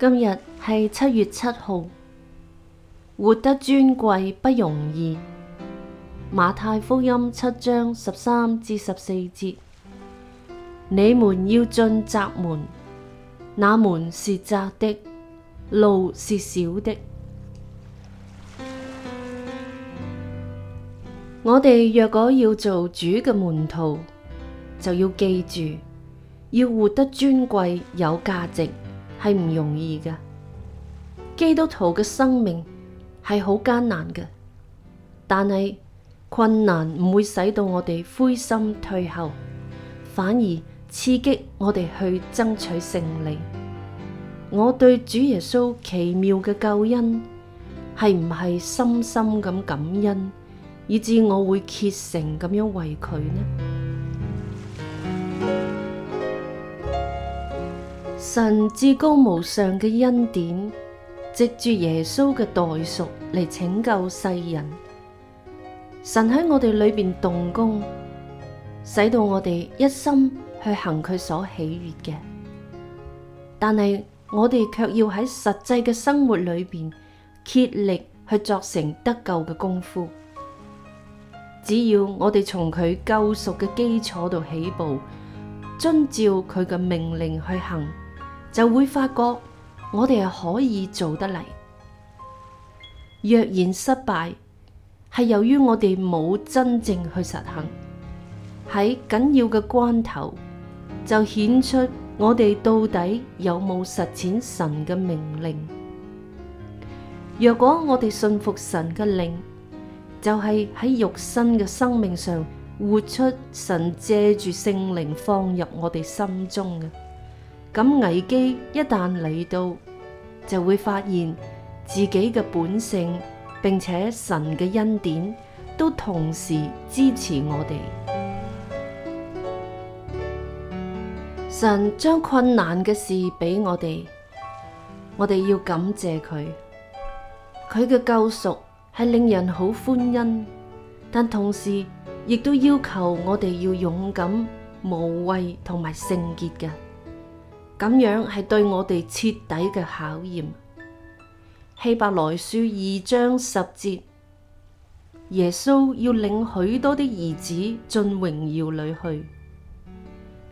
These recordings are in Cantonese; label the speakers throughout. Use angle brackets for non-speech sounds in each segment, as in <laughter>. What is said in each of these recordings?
Speaker 1: 今日係七月七號，活得尊貴不容易。馬太福音七章十三至十四節：你們要進窄門，那門是窄的，路是小的。 <music> 我哋若果要做主嘅門徒，就要記住，要活得尊貴有價值。係唔容易噶，基督徒嘅生命係好艱難嘅，但係困難唔會使到我哋灰心退後，反而刺激我哋去爭取勝利。我對主耶穌奇妙嘅救恩，係唔係深深咁感恩，以致我會竭誠咁樣為佢呢？神至高無上嘅恩典，藉住耶穌嘅代贖嚟拯救世人。神喺我哋裏邊動工，使到我哋一心去行佢所喜悅嘅。但係我哋卻要喺實際嘅生活裏邊竭力去作成得救嘅功夫。只要我哋從佢救贖嘅基礎度起步，遵照佢嘅命令去行，就會發覺我哋係可以做得嚟。若然失敗，係由於我哋冇真正去實行。喺緊要嘅關頭，就顯出我哋到底有冇實踐神嘅命令。若果我哋信服神嘅令，就係喺肉身嘅生命上活出神借住聖靈放入我哋心中嘅。咁危機一旦嚟到，就會發現自己嘅本性，並且神嘅恩典都同時支持我哋。神將困難嘅事俾我哋，我哋要感謝佢。佢嘅救贖係令人好歡欣，但同時亦都要求我哋要勇敢、無畏同埋聖潔嘅。咁樣係對我哋徹底嘅考驗。希伯來書二章十節，耶穌要領許多的兒子進榮耀裏去，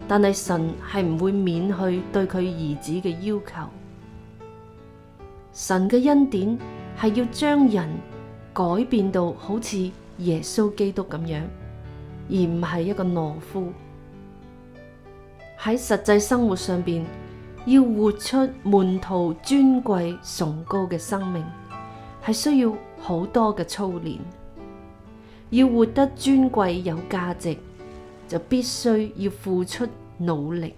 Speaker 1: 但係神係唔會免去對佢兒子嘅要求。神嘅恩典係要將人改變到好似耶穌基督咁樣，而唔係一個懦夫。喺實際生活上邊，要活出門徒尊貴崇高嘅生命，係需要好多嘅操練。要活得尊貴有價值，就必須要付出努力。